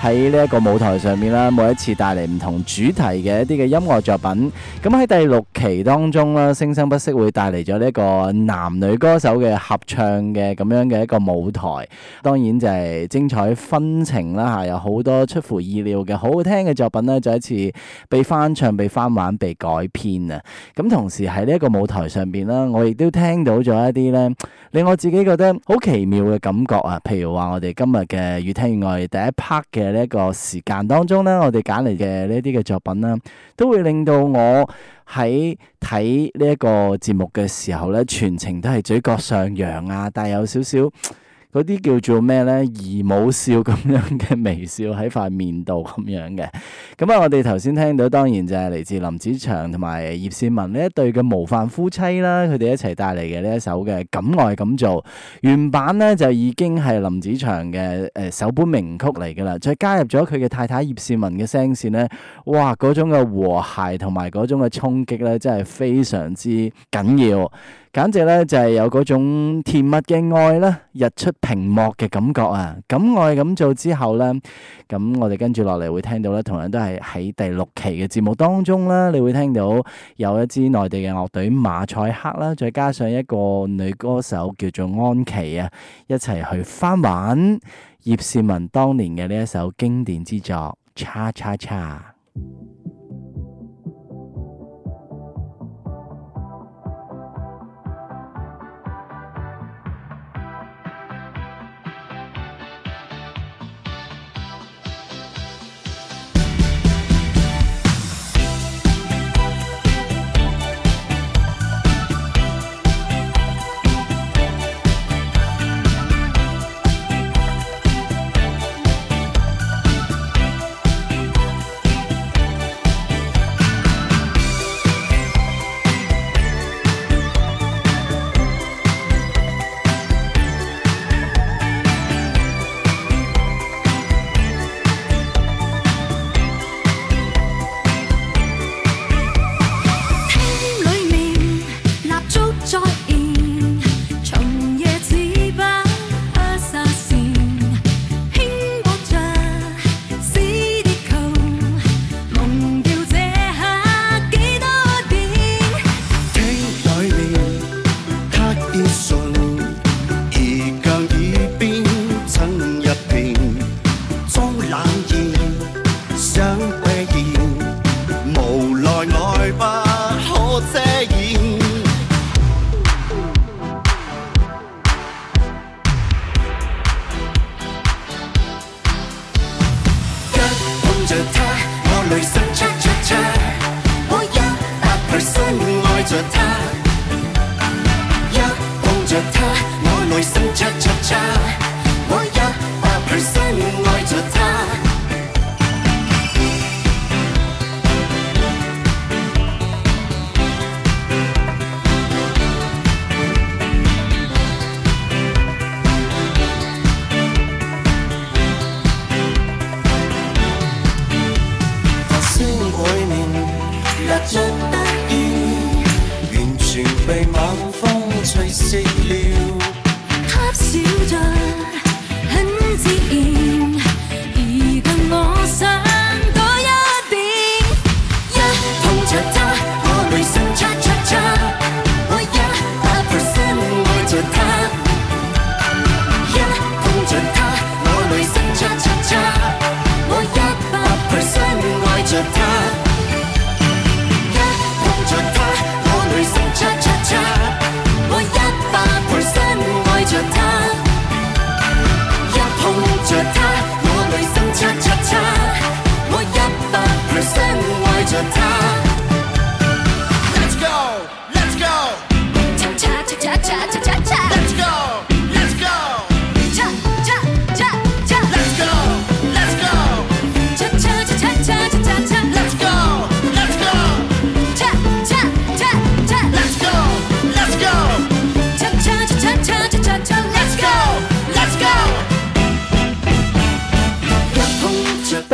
喺呢一個舞台上面啦，每一次帶嚟唔同主題嘅一啲嘅音樂作品。咁喺第六期當中啦，聲生不息會帶嚟咗呢一個男女歌手嘅合唱嘅咁樣嘅一個舞台。當然就係精彩紛呈啦吓，有好多出乎意料嘅好好聽嘅作品呢，再一次被翻唱、被翻玩、被改編啊。咁同時喺呢一個舞台上邊啦，我亦都聽到咗一啲呢令我自己覺得好奇妙嘅感覺啊說。譬如話我哋今日嘅越聽越愛第一 part 嘅。喺呢個時間當中咧，我哋揀嚟嘅呢啲嘅作品啦，都會令到我喺睇呢一個節目嘅時候咧，全程都係嘴角上揚啊，但有少少。嗰啲叫做咩呢？義母笑咁樣嘅微笑喺塊面度咁樣嘅。咁啊，我哋頭先聽到，當然就係嚟自林子祥同埋葉倩文呢一對嘅模範夫妻啦。佢哋一齊帶嚟嘅呢一首嘅《敢愛敢做》，原版呢，就已經係林子祥嘅誒首本名曲嚟噶啦。再加入咗佢嘅太太葉倩文嘅聲線呢，哇！嗰種嘅和諧同埋嗰種嘅衝擊呢，真係非常之緊要。簡直咧就係有嗰種甜蜜嘅愛啦，日出屏幕嘅感覺啊！咁我係咁做之後呢，咁我哋跟住落嚟會聽到咧，同樣都係喺第六期嘅節目當中啦，你會聽到有一支內地嘅樂隊馬賽克啦，再加上一個女歌手叫做安琪啊，一齊去翻玩葉倩文當年嘅呢一首經典之作《叉叉叉》。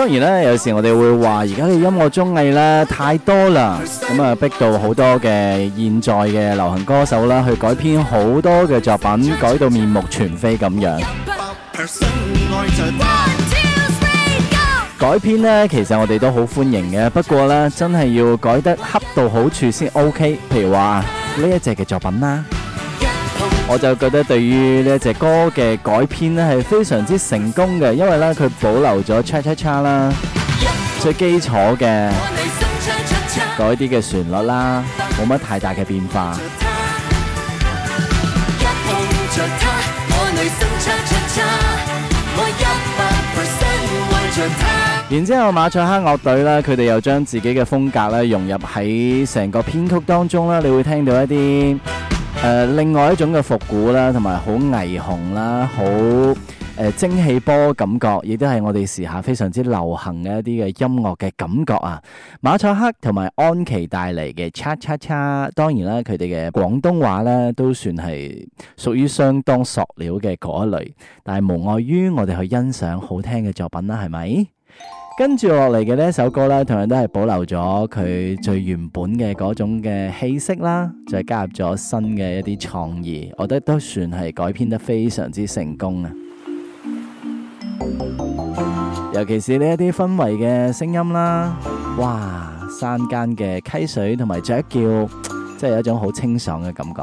當然咧，有時我哋會話而家嘅音樂綜藝咧太多啦，咁啊逼到好多嘅現在嘅流行歌手啦，去改編好多嘅作品，改到面目全非咁樣。改編呢，其實我哋都好歡迎嘅，不過呢，真係要改得恰到好處先 OK。譬如話呢一隻嘅作品啦。我就覺得對於呢一隻歌嘅改編咧係非常之成功嘅，因為咧佢保留咗叉叉叉啦，cha, 碰最基礎嘅嗰啲嘅旋律啦，冇乜太大嘅變化。出出然之後馬賽克樂隊呢，佢哋又將自己嘅風格咧融入喺成個編曲當中啦，你會聽到一啲。誒、呃、另外一種嘅復古啦，同埋好霓虹啦，好誒蒸汽波感覺，亦都係我哋時下非常之流行嘅一啲嘅音樂嘅感覺啊！馬賽克同埋安琪帶嚟嘅叉叉叉，cha, 當然啦，佢哋嘅廣東話呢都算係屬於相當塑料嘅嗰一類，但係無礙於我哋去欣賞好聽嘅作品啦，係咪？跟住落嚟嘅呢一首歌咧，同樣都係保留咗佢最原本嘅嗰種嘅氣息啦，再加入咗新嘅一啲創意，我覺得都算係改編得非常之成功啊！尤其是呢一啲氛圍嘅聲音啦，哇，山間嘅溪水同埋雀叫，真係有一種好清爽嘅感覺。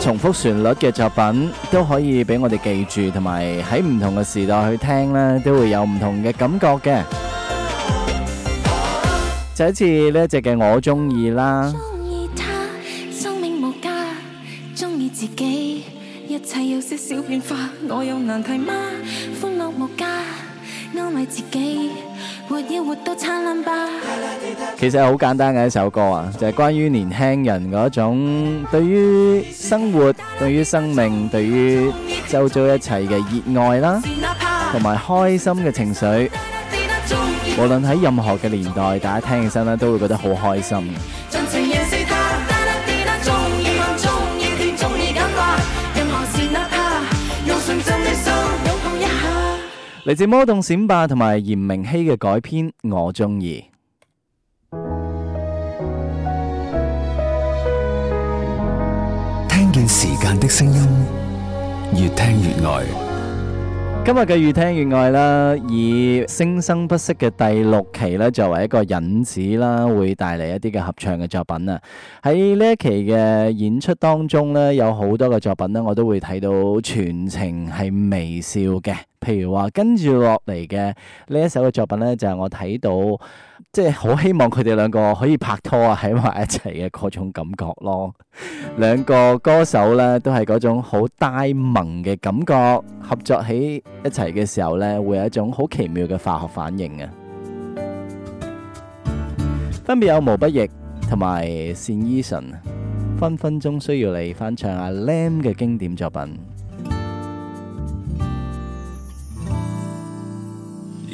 重複旋律嘅作品都可以俾我哋記住，同埋喺唔同嘅時代去聽啦，都會有唔同嘅感覺嘅。就好似呢一隻嘅我中意啦。中意他，生命無價，中意自己，一切有少少變化，我有難題嗎？歡樂無價。其實係好簡單嘅一首歌啊，就係、是、關於年輕人嗰種對於生活、對於生命、對於周遭一切嘅熱愛啦，同埋開心嘅情緒。無論喺任何嘅年代，大家聽起身咧都會覺得好開心。嚟自《魔動閃霸》同埋嚴明熙嘅改編，我中意。聽見時間的聲音，越聽越愛。今日嘅越聽越愛啦，以聲生不息嘅第六期咧作為一個引子啦，會帶嚟一啲嘅合唱嘅作品啊。喺呢一期嘅演出當中呢，有好多嘅作品呢，我都會睇到全程係微笑嘅。譬如話，跟住落嚟嘅呢一首嘅作品呢，就係我睇到，即係好希望佢哋兩個可以拍拖啊，喺埋一齊嘅嗰種感覺咯。兩個歌手呢，都係嗰種好呆萌嘅感覺，合作喺一齊嘅時候呢，會有一種好奇妙嘅化學反應啊。分別有毛不易同埋單依純，分分鐘需要你翻唱阿 Lam 嘅經典作品。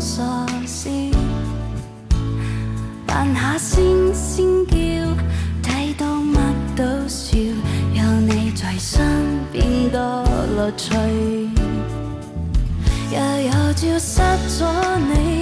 傻笑，扮下猩猩叫，睇到乜都笑，有你在身邊多樂趣。若有朝失咗你。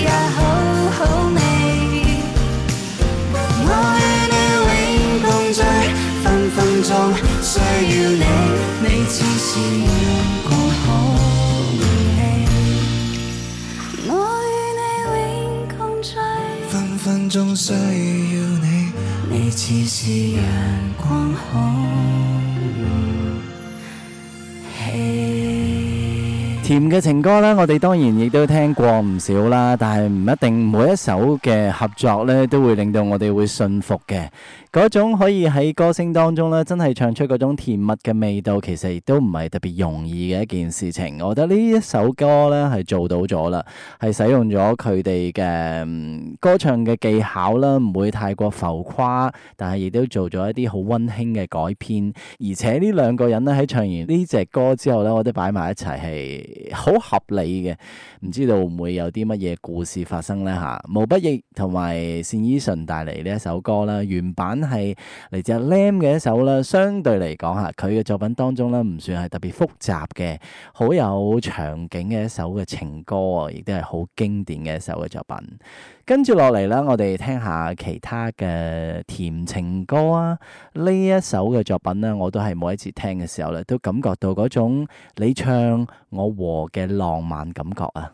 分分鐘需要你，你似是陽光空氣。甜嘅情歌呢，我哋當然亦都聽過唔少啦，但係唔一定每一首嘅合作呢，都會令到我哋會信服嘅。嗰種可以喺歌聲當中咧，真係唱出嗰種甜蜜嘅味道，其實亦都唔係特別容易嘅一件事情。我覺得呢一首歌咧係做到咗啦，係使用咗佢哋嘅歌唱嘅技巧啦，唔會太過浮誇，但係亦都做咗一啲好温馨嘅改編。而且呢兩個人呢，喺唱完呢隻歌之後呢，我覺得擺埋一齊係好合理嘅，唔知道會唔會有啲乜嘢故事發生呢？吓？毛不易同埋單依純帶嚟呢一首歌啦，原版。係嚟自 Lam 嘅一首啦，相對嚟講吓，佢嘅作品當中咧唔算係特別複雜嘅，好有場景嘅一首嘅情歌啊，亦都係好經典嘅一首嘅作品。跟住落嚟咧，我哋聽下其他嘅甜情歌啊。呢一首嘅作品咧，我都係每一次聽嘅時候咧，都感覺到嗰種你唱我和嘅浪漫感覺啊。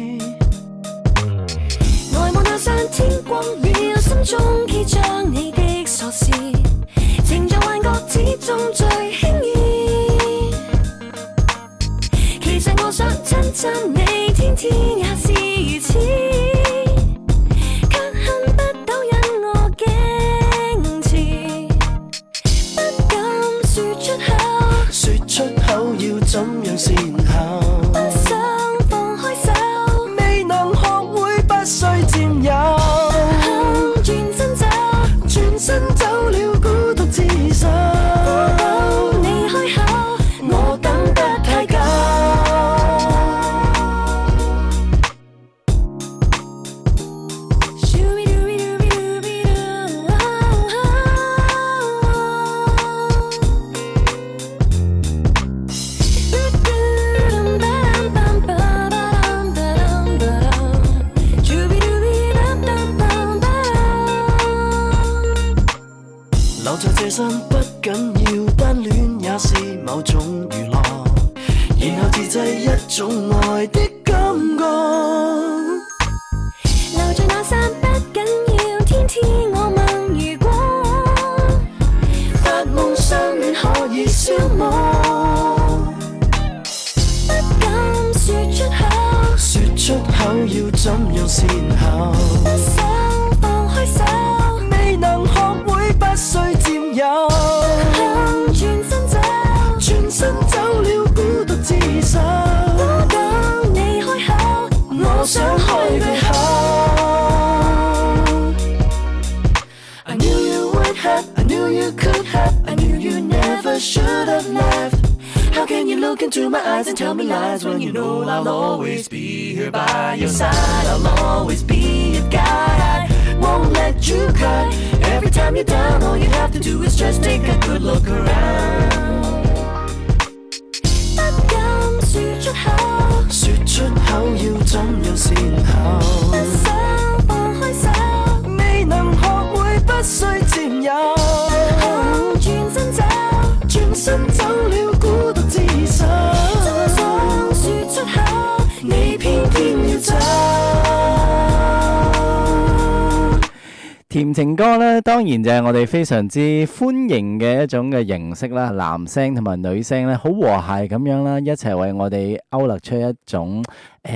都要怎樣善後？不想放開手，未能學會不需佔有。不想轉身走，轉身走了孤獨自守。多想説出口，你偏偏要走。甜情歌呢，當然就係我哋非常之歡迎嘅一種嘅形式啦。男聲同埋女聲呢，好和諧咁樣啦，一齊為我哋勾勒出一種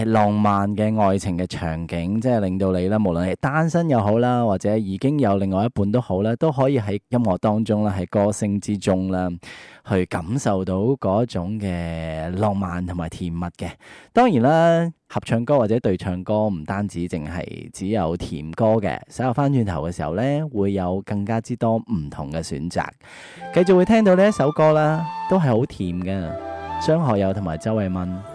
浪漫嘅愛情嘅場景，即係令到你啦，無論係單身又好啦，或者已經有另外一半都好啦，都可以喺音樂當中啦，喺歌聲之中啦，去感受到嗰種嘅浪漫同埋甜蜜嘅。當然啦，合唱歌或者對唱歌唔單止淨係只有甜歌嘅，稍後翻轉頭嘅時候呢，會有更加之多唔同嘅選擇。繼續會聽到呢一首歌啦，都係好甜嘅，張學友同埋周慧敏。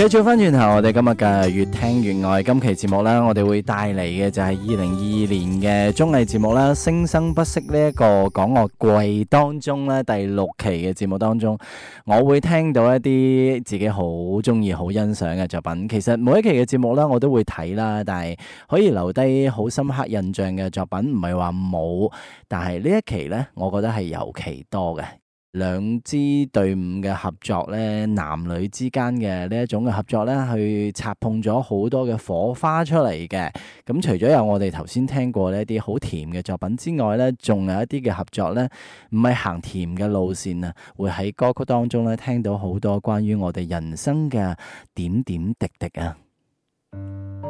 繼續翻轉頭，我哋今日嘅越聽越愛今期節目啦。我哋會帶嚟嘅就係二零二二年嘅綜藝節目啦。聲生不息呢一個港樂季當中咧，第六期嘅節目當中，我會聽到一啲自己好中意、好欣賞嘅作品。其實每一期嘅節目啦，我都會睇啦，但係可以留低好深刻印象嘅作品唔係話冇，但係呢一期呢，我覺得係尤其多嘅。兩支隊伍嘅合作咧，男女之間嘅呢一種嘅合作咧，去擦碰咗好多嘅火花出嚟嘅。咁除咗有我哋頭先聽過呢一啲好甜嘅作品之外咧，仲有一啲嘅合作咧，唔係行甜嘅路綫啊，會喺歌曲當中咧聽到好多關於我哋人生嘅點點滴滴啊。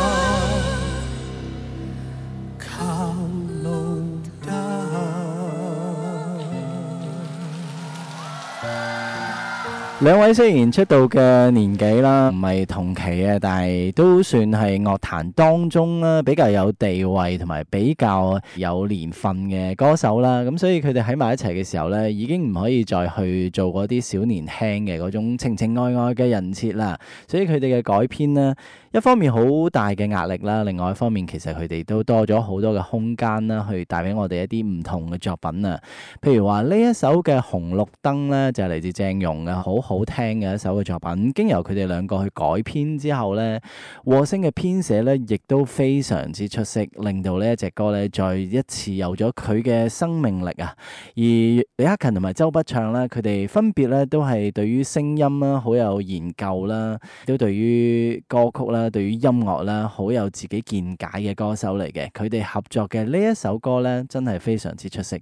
兩位雖然出道嘅年紀啦，唔係同期嘅，但係都算係樂壇當中啦，比較有地位同埋比較有年份嘅歌手啦。咁所以佢哋喺埋一齊嘅時候呢，已經唔可以再去做嗰啲小年輕嘅嗰種情情愛愛嘅人設啦。所以佢哋嘅改編呢，一方面好大嘅壓力啦，另外一方面其實佢哋都多咗好多嘅空間啦，去帶俾我哋一啲唔同嘅作品啊。譬如話呢一首嘅《紅綠燈》呢，就係嚟自鄭融嘅好。好聽嘅一首嘅作品，經由佢哋兩個去改編之後咧，和聲嘅編寫咧，亦都非常之出色，令到這呢一隻歌咧，再一次有咗佢嘅生命力啊！而李克勤同埋周筆暢咧，佢哋分別咧都係對於聲音啦好有研究啦，都對於歌曲啦、對於音樂啦好有自己見解嘅歌手嚟嘅。佢哋合作嘅呢一首歌咧，真係非常之出色。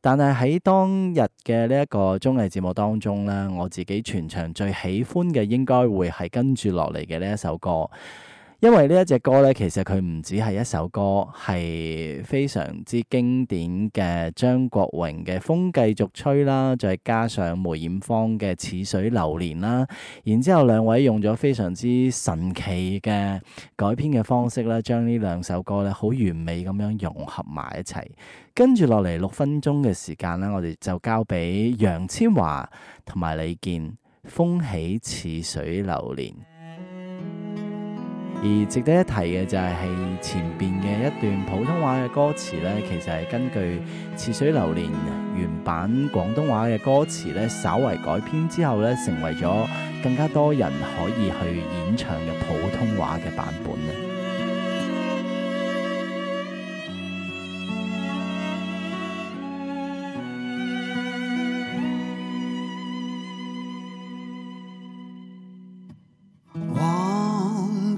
但係，喺當日嘅呢一個綜藝節目當中咧，我自己。全場最喜歡嘅應該會係跟住落嚟嘅呢一首歌，因為呢一隻歌咧，其實佢唔止係一首歌，係非常之經典嘅張國榮嘅《風繼續吹》啦，再加上梅艷芳嘅《似水流年》啦，然之後兩位用咗非常之神奇嘅改編嘅方式咧，將呢兩首歌咧好完美咁樣融合埋一齊。跟住落嚟六分鐘嘅時間咧，我哋就交俾楊千嬅同埋李健。風起似水流年，而值得一提嘅就係係前邊嘅一段普通話嘅歌詞呢，其實係根據《似水流年》原版廣東話嘅歌詞呢，稍為改編之後呢，成為咗更加多人可以去演唱嘅普通話嘅版本。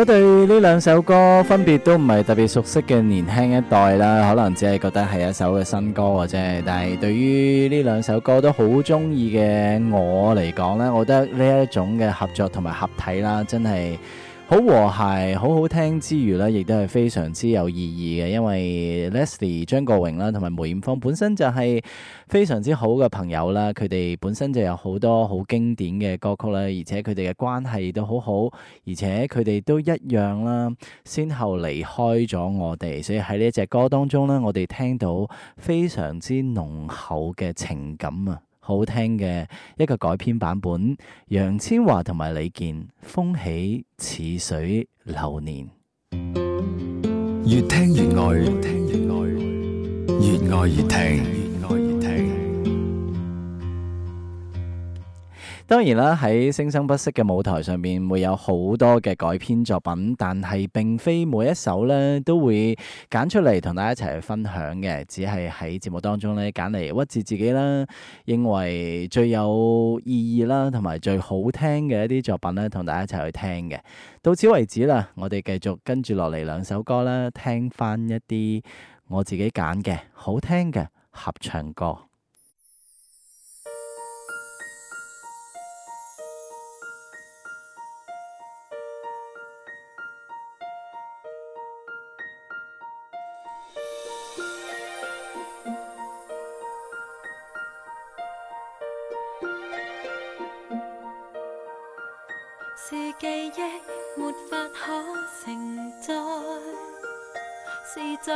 我對呢兩首歌分別都唔係特別熟悉嘅，年輕一代啦，可能只係覺得係一首嘅新歌或者係。但係對於呢兩首歌都好中意嘅我嚟講呢，我覺得呢一種嘅合作同埋合體啦，真係。好和諧，好好聽之餘呢亦都係非常之有意義嘅，因為 Leslie 張國榮啦，同埋梅艷芳本身就係非常之好嘅朋友啦，佢哋本身就有好多好經典嘅歌曲啦，而且佢哋嘅關係都好好，而且佢哋都一樣啦，先後離開咗我哋，所以喺呢隻歌當中呢，我哋聽到非常之濃厚嘅情感啊！好聽嘅一個改編版本，楊千嬅同埋李健《風起似水流年》，越聽越愛越聽，越愛越聽。越當然啦，喺聲生不息嘅舞台上面，會有好多嘅改編作品，但係並非每一首咧都會揀出嚟同大家一齊去分享嘅，只係喺節目當中咧揀嚟屈自己啦，認為最有意義啦，同埋最好聽嘅一啲作品咧，同大家一齊去聽嘅。到此為止啦，我哋繼續跟住落嚟兩首歌啦，聽翻一啲我自己揀嘅好聽嘅合唱歌。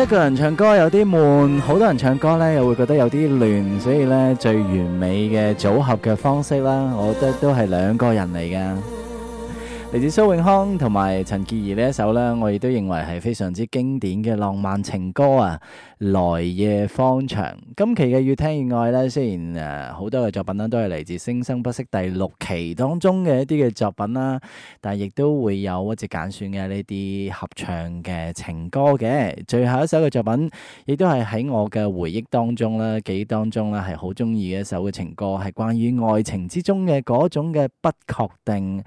一個人唱歌有啲悶，好多人唱歌呢又會覺得有啲亂，所以呢最完美嘅組合嘅方式啦，我覺得都係兩個人嚟嘅。嚟自蘇永康同埋陳潔儀呢一首咧，我亦都認為係非常之經典嘅浪漫情歌啊！來夜方長今期嘅越聽越愛呢。雖然誒好多嘅作品咧都係嚟自《聲生不息》第六期當中嘅一啲嘅作品啦，但係亦都會有一節揀選嘅呢啲合唱嘅情歌嘅最後一首嘅作品，亦都係喺我嘅回憶當中啦，咧，記憶當中啦，係好中意嘅一首嘅情歌，係關於愛情之中嘅嗰種嘅不確定。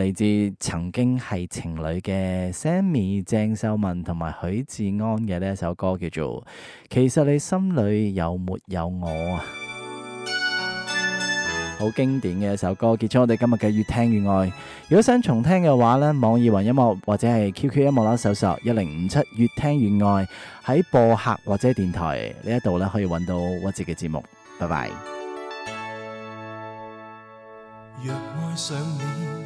嚟自曾經係情侶嘅 Sammy 鄭秀文同埋許志安嘅呢一首歌叫做《其實你心裏有沒有我》啊，好經典嘅一首歌。結束我哋今日嘅越聽越愛，如果想重聽嘅話呢，網易雲音樂或者係 QQ 音樂啦，搜索一零五七越聽越愛，喺播客或者電台呢一度呢可以揾到我自己嘅節目。拜拜。若愛上你，